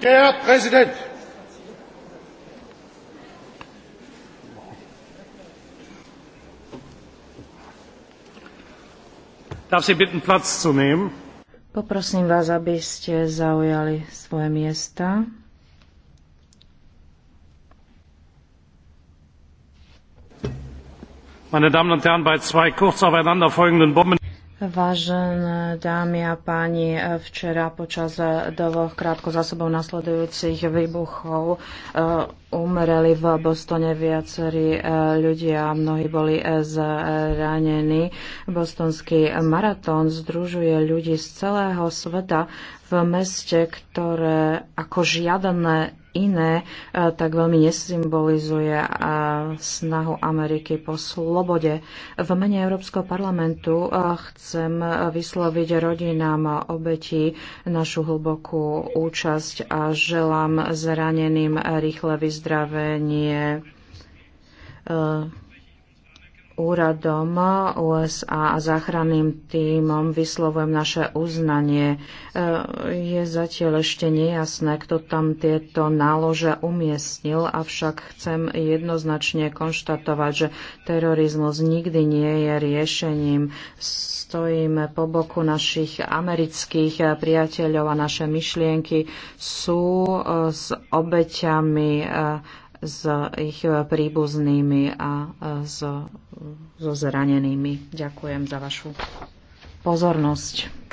Herr Präsident! Darf Sie bitten, Platz zu nehmen? Poprosím vás, aby ste zaujali svoje miesta. Meine Damen und Herren, bei zwei kurz aufeinander folgenden Bomben Vážené dámy a páni, včera počas dvoch krátko za sebou nasledujúcich výbuchov eh, umreli v Bostone viacerí eh, ľudia, mnohí boli eh, zranení. Bostonský maratón združuje ľudí z celého sveta v meste, ktoré ako žiadne iné, e, tak veľmi nesymbolizuje e, snahu Ameriky po slobode. V mene Európskeho parlamentu e, chcem vysloviť rodinám obetí našu hlbokú účasť a želám zraneným rýchle vyzdravenie úradom USA a záchranným týmom vyslovujem naše uznanie. E, je zatiaľ ešte nejasné, kto tam tieto nálože umiestnil, avšak chcem jednoznačne konštatovať, že terorizmus nikdy nie je riešením stojíme po boku našich amerických priateľov a naše myšlienky sú e, s obeťami, s e, ich príbuznými a s so zranenými. Ďakujem za vašu pozornosť.